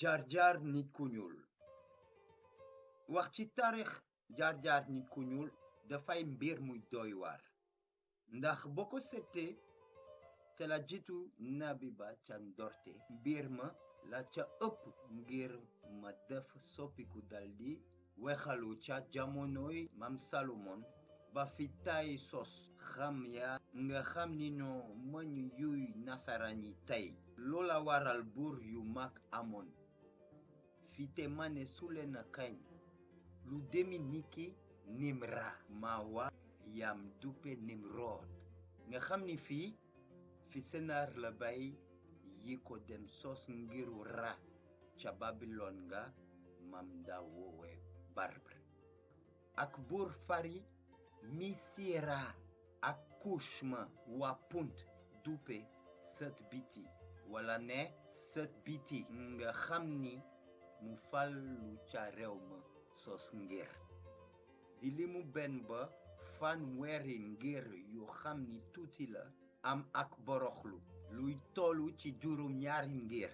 jaar jaar nit ku ñuul wax ci taarix jaar jaar nit ku ñuul dafay mbir muy doy waar ndax boo ko seetee te la jiitu nabi ba ca ndorte mbir ma la ca ëpp ngir ma def soppiku daldi wexalu ca jamonoy mam salomon ba fi tay sos xam ya nga xam ni noo mëñ yuy nasaraan yi tey loola waral buur yu mag amoon vitemane sule na kany ludemi niki nimra mawa yam dupe nimrod nga xam ni fii fi senaar la bay yi ko dem sos ngiru ra ca babilon nga mam nda woowe barbre ak buur fari misira ak kushma waa punt dupe sët biti wala ne sët biti nga xam ni mu fàllu ca réew ma sos ngir di limu benn ba fanweeri ngir yu xam ni tuuti la am ak boroxlu luy tollu ci juróom ñaari ngir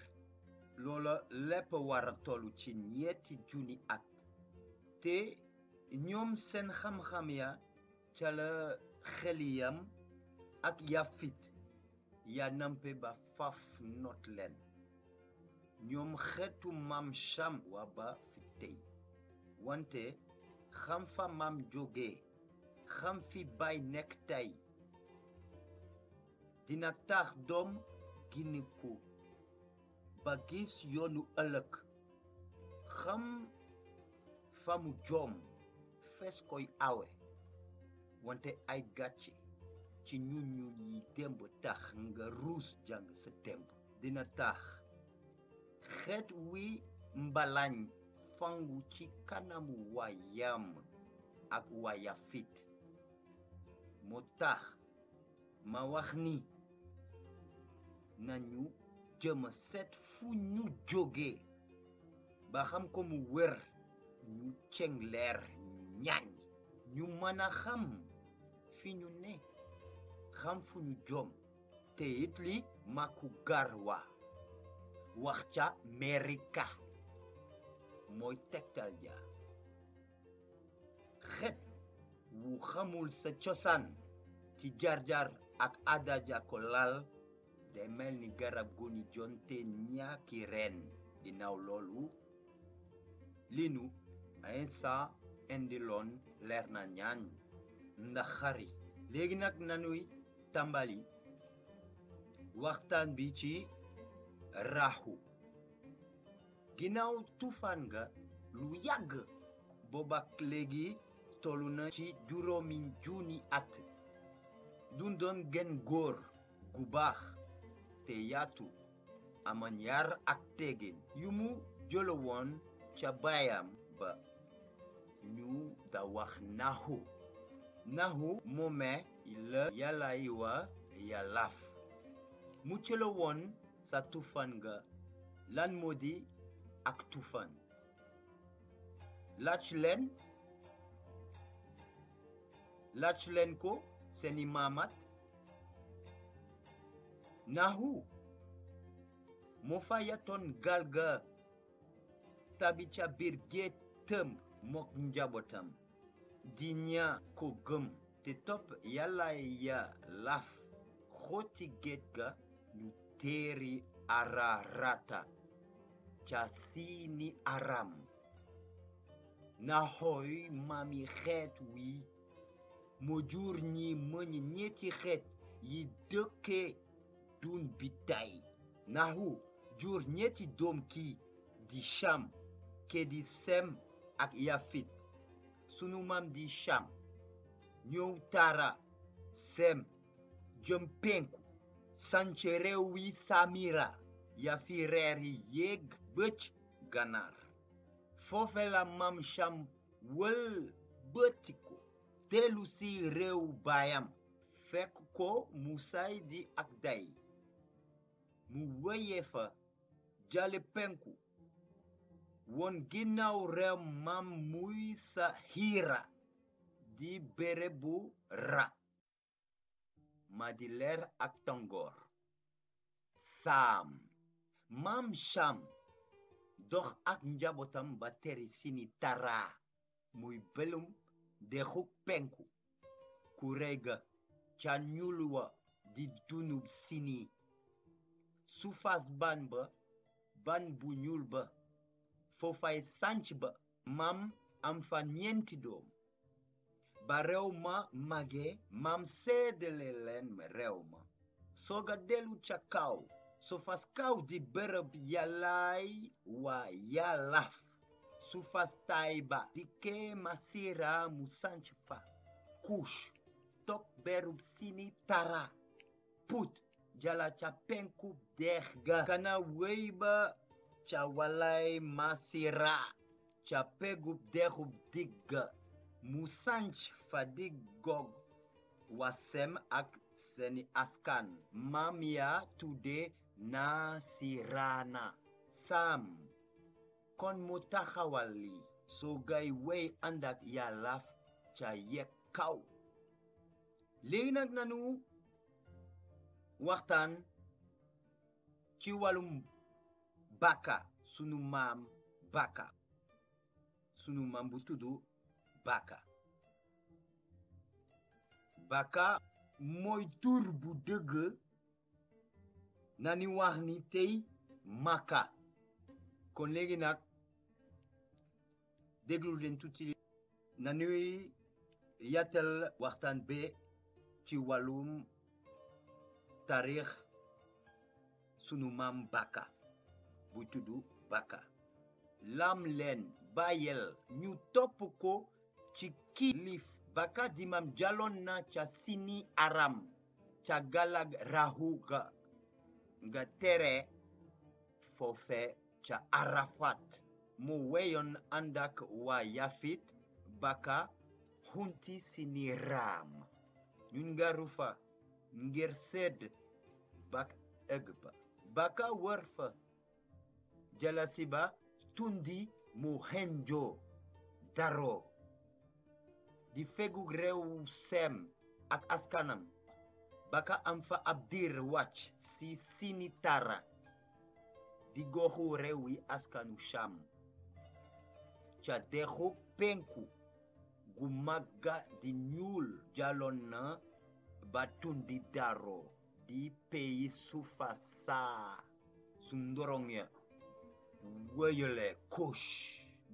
loola lépp wara tollu ci ñetti junni at te ñoom seen xam-xam ya ca la xeliyam ak yafit ya nampe ba faf nott leen ñoom xeetu maam Cham waa ba fi tey wante xam fa maam jóge xam fi baay nekk tey dina tax doom gi giniku ba gis yoonu ëllëg xam fa mu joom fees koy awe wante ay gàcce ci ñu yi démb tax nga ruus jàng sa démb dina tax xeet wi mbalañ fangu ci kanamu waa Yam ak waa Yafit mu tax ma wax ni nañu jëma seet fu ñu jóge ba xam ko mu wër ñu ceng leer ñaañ ñu mën a xam fi ñu ne xam fu ñu jom te it li maku garwa wax ca merika mooy tegtal ja xet wu xamul sa cosaan ci jar jar ak aada ja ko laal day mel ni garab gu ni jonte ñaaki reen ginnaaw loolu li nu insa indiloon leer na ñaañ ndax xari léegi nag nanuy tàmbali waxtaan bi ci rahu ginaaw tufaan nga lu yàgg boobak léegi tollu na ci juróomi junni at dundoon gen góor gu baax te yaatu aman yar ak tegin yu mu jële ca baayam ba ñu da wax nahu nahu moome la yàllaay wa yàllaaf mu jële sa tufan nga lan moo di ak tufan laaj leen laaj leen ko seeni maamat naaxu moo fa yatoon gaal ga tabi ca biir géej tëm mook njabootam di ñaa ko gëm te topp yàlla ya laaf xooti géej ga ñu Teri Ararata, Jasini Aram, Nahoi mami xeet wi mu jur ñi mëñ ñetti xeet yi dëkkee dun bi tay nahu jur ñetti doom ki di Cham ke di Sem ak Yafit sunu maam di Cham ñëw Tara Sem jëm sànce réew wi samira ya fi reer yi yéeg bëj ganaar foofe mam cham wël bëtiko teelu si réew baayam fekk ko mu saay di ak day mu wéyee fa jale penku ginnaaw réew mam muy sa hiira di bere bu ra ma di leer ak tongoor saam maam cham dox ak njabootam ba teri sini taraa muy belum dexu penku ku rega ca ñulwa di dunub sini suufas ban ba ban bu ñuul ba foofay sanc ba maam am fa ñeenti doom ba réew ma màggee maam seedale leen réew ma sooga dellu ca kaw su fas kaw di bërëb yàllaay waa yàllaaf su fas taay ba dikkee masira mu sanc fa kuush toog berub sini tara put jala ca penkub deex ga kana wéy ba ca walaay masira ca pegub deexub digga mu sanc fa di Gog waa Sem ak seeni askan maam yaa si Nasiraana Saam kon mu taxawal li soo gay wey ànd ak Yàlla ca yeg kaw léegi nag nanu waxtaan ci wàllum bàkka sunu maam bàkka sunu maam bu tuddu Baka Baka mooy tur bu dëgg na ni wax ni tey makka kon léegi nag déglu leen tuuti na ñuy waxtaan be ci wàllum taarix sunu maam Baka bu tudd bakka lam leen bàyyel ñu topp ko kilif baka dimam dialona tshia sini aram tshia galag rahuga nga tere fofe ca arafat mu weyon andak wa yafit baka hunti sini ram nyun nga rufa ngir sed bak egba baka warfa jalasiba tundi muhenjo daro di fegug réew seem ak askanam baka am fa ab diir wàcc si sini tara di goxu réew yi askanu Sham ca dexu penku gu màgga di ñuul jaloon na ba di daro di peyi sufa saa su ndorong ya wëyale Kush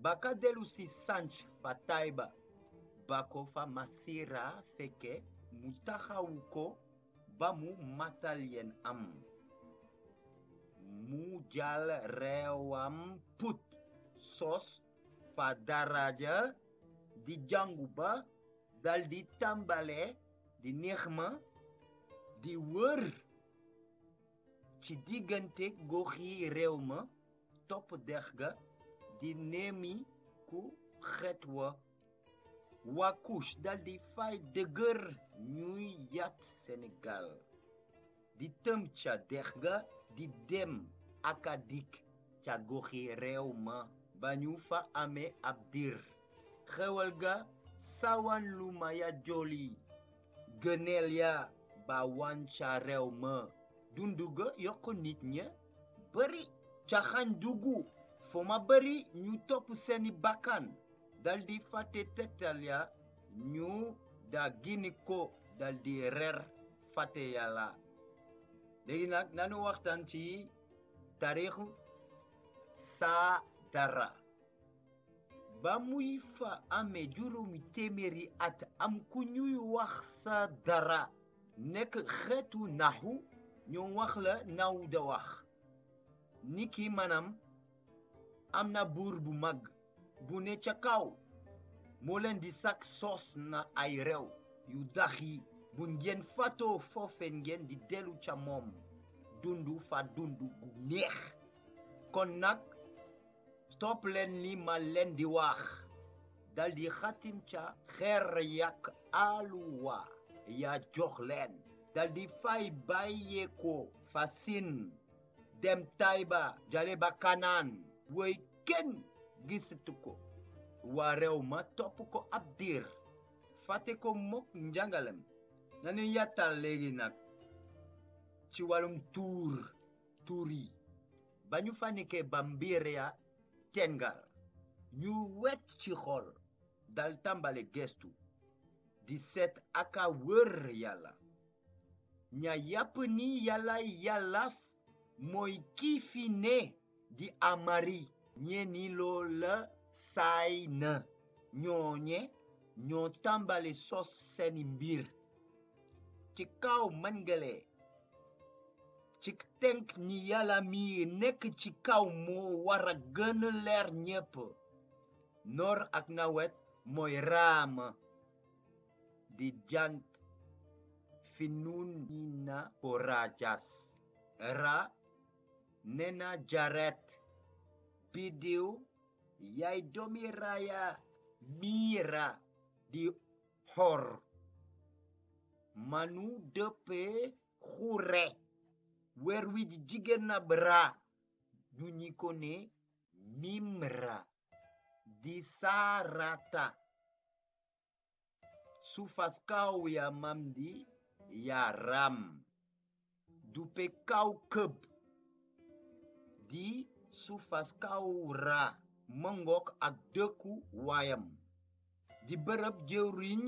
baka dellu si sanc fa Tayba bakofa masira feke mu taxawu ko ba mu matal am mu jàll réewam put sos fa daraja di jàngu ba daldi tàmbale di neex ma di wër ci diggante gox yi réew ma topp dex ga di neemi ku xet wa waa couche dal fay dëgër ñuy yat Sénégal di tëm ca dex ga di dem aka dikk ca goxi réew ma ba ñu fa amee ab diir xewal ga sawan lu ma ya joli gëneel ya ba wan ca réew ma dundu ga yokk nit ña bari caxañ dugg fo ma bari ñu topp seeni bakkan daldi di fàtte tegtal ya ñu daggini ko dal di reer fàtte yàlla léegi nag nanu waxtaan ci taarixu saadara ba muy fa amee juróomi téeméeri at am ku ñuy wax dara nekk xeetu naxu ñu waxla la naw da wax ni niki maanaam am na buur bu mag bu ne ca kaw moo leen di sak sos na ay réew yu dax yi bu ngeen fatoo foofe ngeen di delu ca moom dundu fa dundu gu neex kon nag topp leen ni ma leen di wax dal di xatim ca xeer yàq aluwa yaa jox leen dal di fay bàyyeekoo fa sin dem tayba jale ba kanaan woy kenn gisatu ko waa réew ma topp ko ab diir fàtte ko mokk njàngalem nanu yàttal léegi nag ci wàllum tuur tuur yi ba ñu fanike ten Tengal ñu wet ci xol dal tàmbale gestu di seet aka wër yàlla ña yàpp ni yàlla yàllaaf mooy kii fi ne di amari ñeen ñi loola saay na ñooñe ñoo tàmbali sos seeni mbir ci kaw mangale ci tënk ñi yàlla mi nekk ci kaw moo wara gën leer ñépp noor ak nawet mooy raama di jant fi nun ñi na ko rajas ra nena jaret biddiw yay doomi raaya miira di hor manu dëppe xure weer wi di na ab raa ñu ñi ko ne mimra di saarata sufas kaw ya mamdi ya ram dupe kaw këb di suufas kaw ra mëngook ak dëkku waayam di bërëb jëwriñ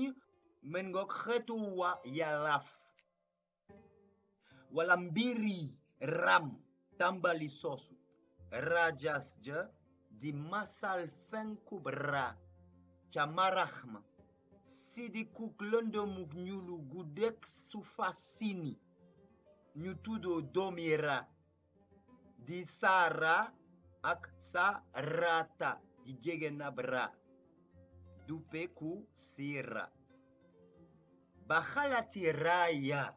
mëngook xeetu wa yalaaf wala yi ram tàmbali soosu rajas ja di masal fenkub ra ca maraxma si di kuk lëndëmuk ñulu gu dëkk suufas ñu tuddoo doomi ra di saara ak saarata di jegena bra dupeku sira bahalati raya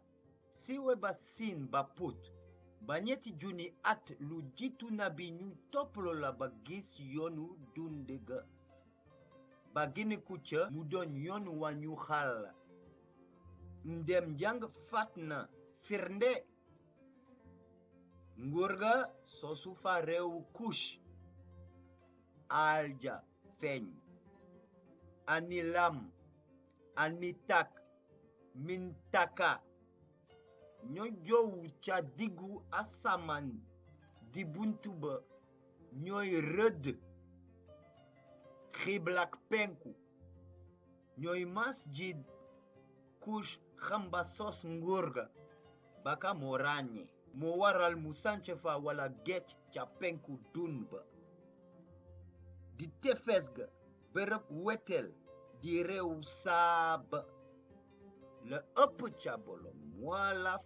siwe basin baput banyeti juni at lujitu na binyu yoonu bagis yonu dundega bagini kuca mu doon yoonu wa ñu xàll ndem jàng fat na firnde nguur ga sosu fa réewu kush alja feeñ ani lam ani tak min taka ñoo jowu ca diggu asamaan di buntu ba ñooy rëdd xiblak penku ñooy masjid kush xamba sos nguur ga baka moo ràññee moo waral mu sanc fa walla géej ca penku dun ba di tefes ga bërëb weteel di réew saaba la ëpp ca Bolomoalaf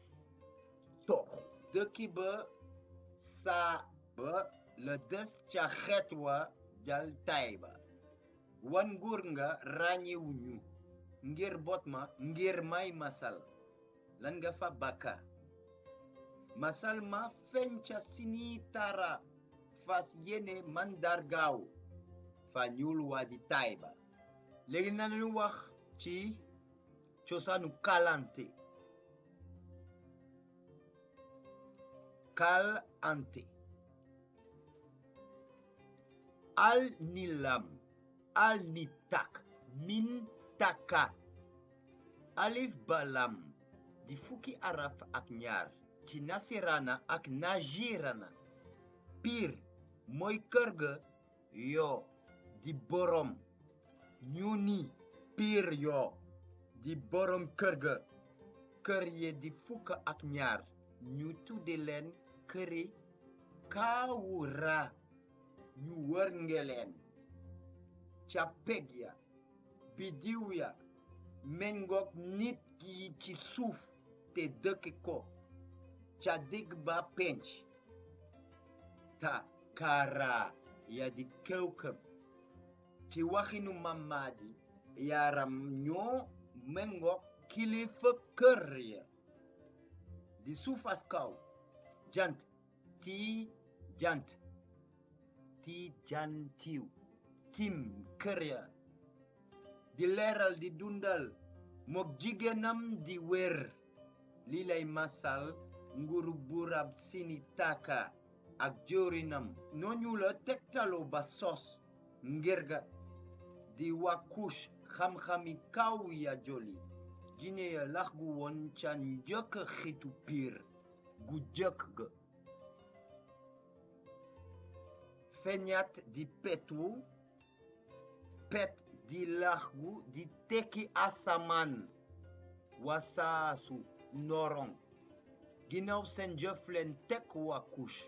tox dëkki ba saaba la des ca xeet wa jal Tayba wan nguur nga ràññewuñu ngir bot ma ngir may masal lan nga fa bàkka masalma fenca sini tara fas yene mandargaaw fa ñuul waa ji taay ba léegi nañu wax ci cosaanu kalante kalante al nilam al nitak min taka alif balam di fukki araf ak ñaar ci nasiraana ak najirana piir mooy kër ga yoo di boroom ñu ni piir yoo di boroom kër ga kër ye di fukk ak ñaar ñu tudde leen këri kaawura ñu wër nge leen ca peg ya biddiw ya méngoog nit gi ci suuf te dëkk ko Cadigba 5 takara ya di këw-këw ci waxinu Mamadi yaram ñoo méngoog kilifa kër ya di suufas kaw jant ti jant ti jantiw tim kër ya di leeral di dundal mook jigéenam di wér lii lay masal nguru burab sini taka ak jorinam ñooñu la tektalo ba sos ngir ga di waa Kush xam-xami kaw ya joli Guinée ya lax gu woon ca njëkk xitu piir gu jëkk ga feñat di petu pet di lax gu di tekki asamaan wasaasu norong ginnaaw seen jëf leen teg waa Kush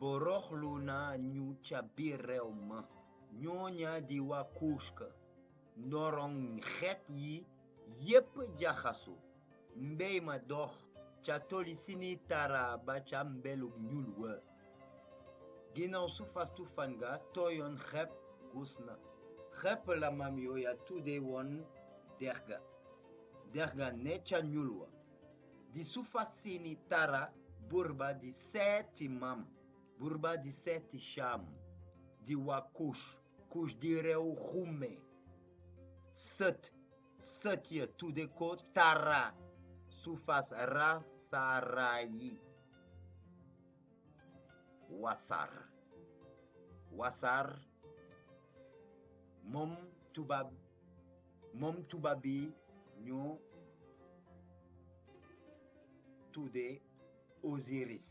boroxlu na ñu ca biir réew ma ñooña di waa Kush ka ndorong xeet yi yépp jaxasu mbey ma dox ca toli sini tara ba ca mbelum ñul wa ginnaaw suufas tufan ga tooyoon xepp gus na xepp la maam yooya tudde woon derga derga ne ca ñul wa de Sufacinitara, Burba de seeti Mam, Burba de sete Cham, de Wakush, Kush de Reurume, Sut, Satya Tudeko Tara, Sufas Rasarayi, Wasar, Wasar, Mom Tubab, Mom Tubabi, tuddee Osiris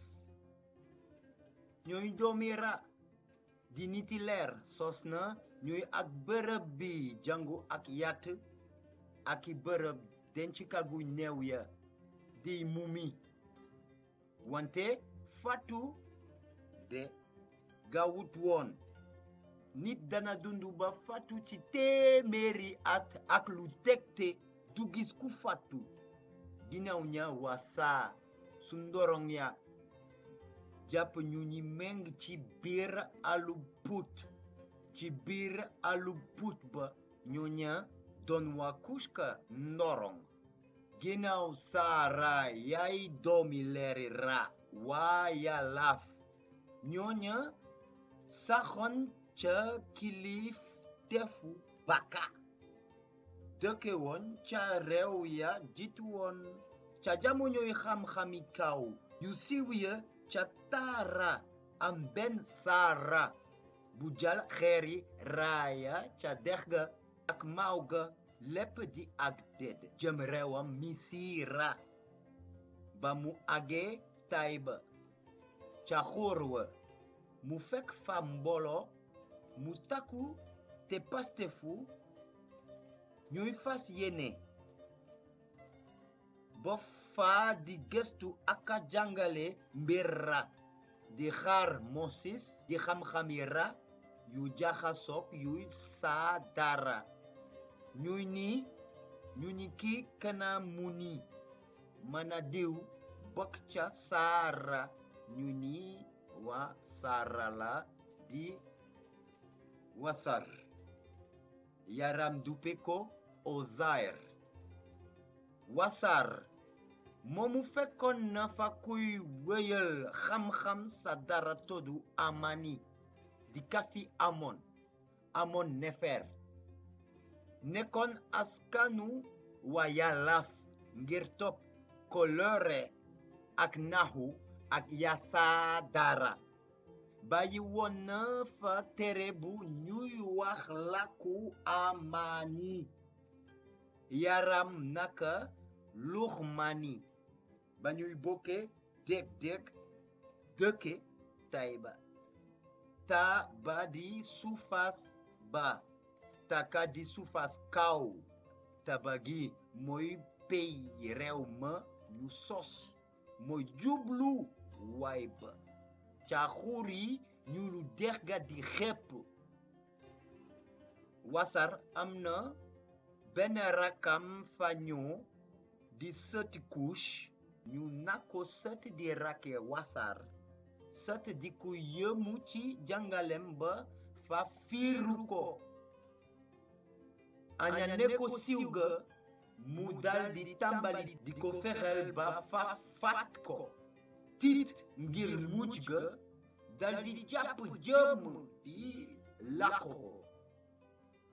ñooy doomi Ra di niti leer sos na ñuy ak bërëb bi jàngu ak yat ak i bërëb dencukagu néew ya di mumi wante fàttu de gaawut woon nit dana dund ba fàttu ci téeméeri at ak lu tegte du gis ku fàttu ginaaw waa saa su ndorong ya jàpp ñu ñi meng ci biir alu put ci biir alu put ba ñu ña doon waa kushka ndorong ginaaw saa raa yaay doomi leeri raa waa yalaaf ñoo ña saxoon ca kilif tefu baka dëkke woon ca réew ya jit woon ca jamonoy xam-xami yu siiw ya ca taara am benn saara bu jal xeeri raaya ca dex ga ak maw ga lépp di ak déed jëm réewam misira ba mu agee tayba ca xóor wa mu fekk fa mbooloo mu takku te pastefu ñuy fas yéene ba faa di gëstu aka jàngale mbirra di xaar mosis di xam-xami ra yu jaxasoog yuy saa dara ñu ni ñu ni ki kanamu ni mën a diw bokk ca saara ñu ni waa saara la di wasar yaram dupe ko ozair wasar moomu fekkoon na fa kuy wéyal xam-xam sa dara toddu amani di kafi amoon amoon nefer nekkoon askanu waa yalaaf ngir topp kolore ak naxu ak yasaa dara bayi woon na fa tere bu ñuy wax lakku amani yaram naka luxmani ba ñuy bokke dég-dég dëkke Tayba taa ba di suufas ba taka di suufas kaw tabagi mooy pey réew ma ñu sos mooy jublu waay ba caaxuur yi ñu lu dex ga di xepp wasar am na benn rakkam fañoo di sëti couche nako sat di rake wasaar sat di ku yëmu ci jàngalem ba fa fiiru ko añane ko siiw ga mu daldi tàmbali di ko fexeel ba fa faat ko tiit ngir mucc ga daldi jàpp jëm di làqu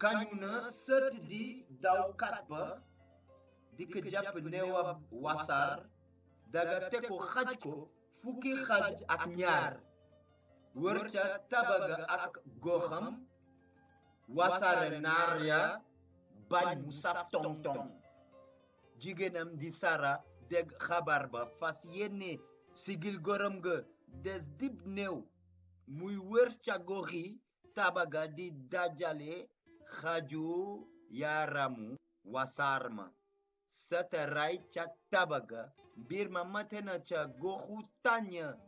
kañu na sët di dawkat ba di ko jàpp neewa wasaar daga te ko xaj ko fukki xaj ak ñaar wër ca tabaga ak goxam wasaare naar ya bañ mu sab tong-tong jigéenam di sara dégg xabaar ba fas yéene sigil gorom nga des dib néew muy wër ca goxi tabaga di dajale xaju yaramu wasaar ma Sătărai, cea tabagă, birma matenă, cea gohu tanya,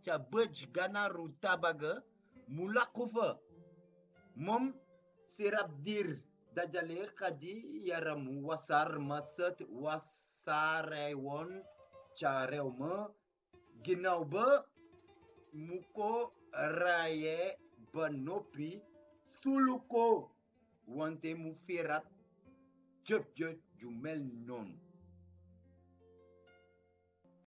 cea băci ganaru tabagă, mulakufă. Mom sirabdir dajale kadi yaram wasar masat wasarewon ca rew ma ginnaaw ba mu ko raayee ba noppi sulu ko wante mu firat jëf-jëf ju mel noonu